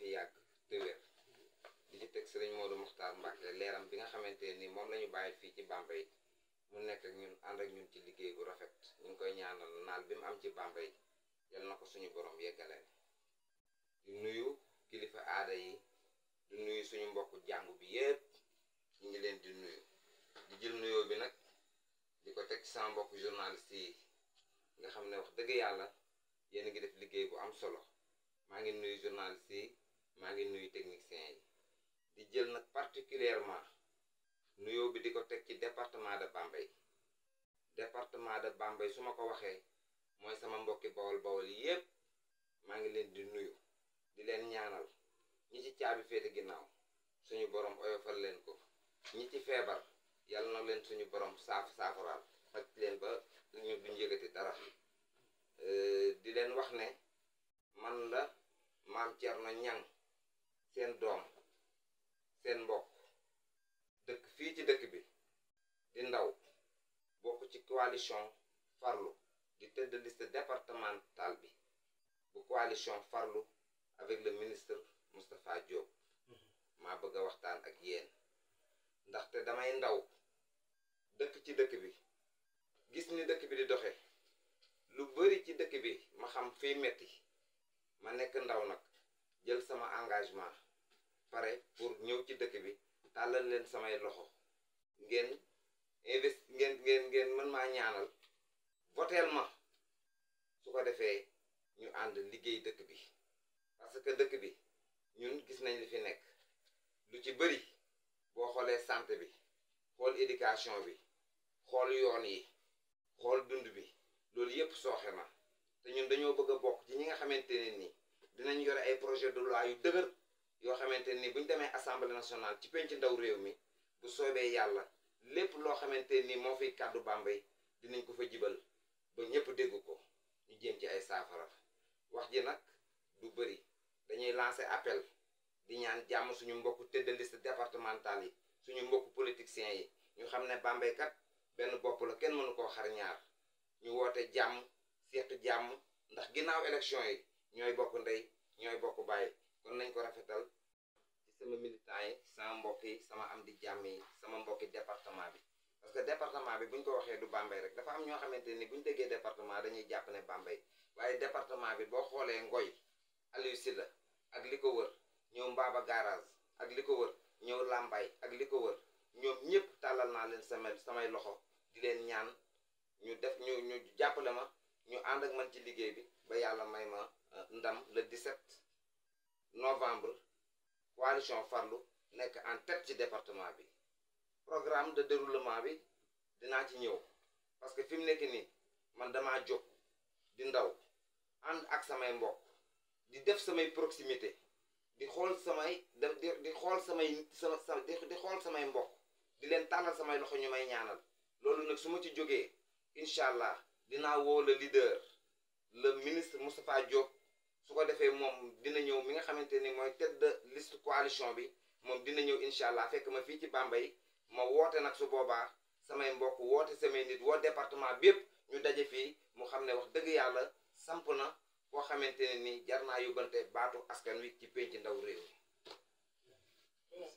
fi yàgg te wér di ci teg sëriñ Modou Mokhtar Mbacke leeram bi nga xamante ni moom lañu ñu bàyyi fii ci yi mu nekk ak ñun ànd ak ñun ci liggéey bu rafet ñu koy ñaanal naal bi mu am ci Bambey yal na ko suñu borom yeggaleen di nuyu kilifa aada yi di nuyu suñu mbokku jàngu bi yépp ñu leen di nuyu di jël nuyoo bi nag di ko teg sama mbokk journaliste yi nga xam ne wax dëgg yàlla yéen a ngi def liggéey bu am solo maa ngi nuyu journaliste maa ngi nuyu techniciens yi di jël nag particulièrement nuyoo bi di ko teg ci département de Bambey departement de Bambey su ma ko waxee mooy sama mbokki bawol bawol yépp maa ngi leen di nuyu di leen ñaanal ñi ci caabi féete ginnaaw suñu borom oyofal leen ko ñi ci feebar yàlla na leen suñu borom saafu saafaraal faj leen ba ñu duñ yëgati dara euh, di leen wax ne man la maam Thierno Niang seen doom seen mbokk dëkk fii ci dëkk bi di ndaw bokk ci coalition farlu di tête de liste départementale bi bu coalition farlu avec le ministre Moustapha Diop mhm. maa bëgg a waxtaan ak yéen ndaxte damay ndaw dëkk ci dëkk bi gis ni dëkk bi di doxe lu bari ci dëkk bi ma xam fiy metti ma nekk ndaw nag jël sama engagement pare pour ñëw ci dëkk bi tàllal leen samay loxo ngeen ngeen ngeen ngeen mën maa ñaanal voteel ma su ko defee ñu ànd liggéey dëkk bi parce que dëkk bi ñun gis nañ li fi nekk lu ci bëri boo xoolee santé bi xool éducation bi xool yoon yi xool dund bi loolu yépp sooxe na te ñun dañoo bëgg bokk ci ñi nga xamante ne nii dinañu yore ay projet de loi yu dëgër yoo xamante ni bu ñu demee assemblée nationale ci penc ndaw réew mi bu soobee yàlla lépp loo xamante ni moo fiy kàddu Bambey dinañ ko fa jibal ba ñëpp dégg ko ñu jéem ci ay saafara wax ji nag du bëri dañuy lancer appel di ñaan jàmm suñu mbokku tête de liste yi suñu mbokk politiciens yi ñu xam ne Bambey kat benn bopp la kenn mënu koo xar ñu woote jàmm seetu jàmm ndax ginnaaw élection yi ñooy bokk ndey ñooy bokk bàyyi kon nañ ko rafetal sama militant sama mbokk yi sama am di jàmm sama mbokki département bi parce que département bi bu ñu ko waxee du Bambey rek dafa am ñoo xamante ni bu ñu déggee département dañuy jàpp ne Bambey waaye département bi boo xoolee Ngoy Aliou Silla ak li ko wër ñëw Mbaba garage ak li ko wër ñëw Lambay ak li ko wër ñoom ñëpp tàllal naa leen sama samay loxo di leen ñaan ñu def ñu ñu jàppale ma ñu ànd ak man ci liggéey bi ba yàlla may ma euh, ndam le 17 novembre coalition farlu nekk en tête ci département bi programme de déroulement bi dinaa ci ñëw parce que fi mu nekk nii man damaa jóg di ndaw ànd ak samay mbokk di def samay proximité di xool samay di xool samay sama di xool samay mbokk di leen tàllal samay loxo ñu may ñaanal loolu nag su ma ci jógee incha allah dinaa woo le leader le ministre Moustapha Diop ko defee moom dina ñëw mi nga xamante ni mooy tête de liste coalition bi moom dina ñëw incha allah fekk ma fii ci Bambey ma woote nag su boobaa samay mbokk woote samay nit woo département bi yëpp ñu daje fii mu xam ne wax dëgg yàlla samp na koo xamante ne ni jar naa yóbbante baatu askan wi ci penc ndaw réew mi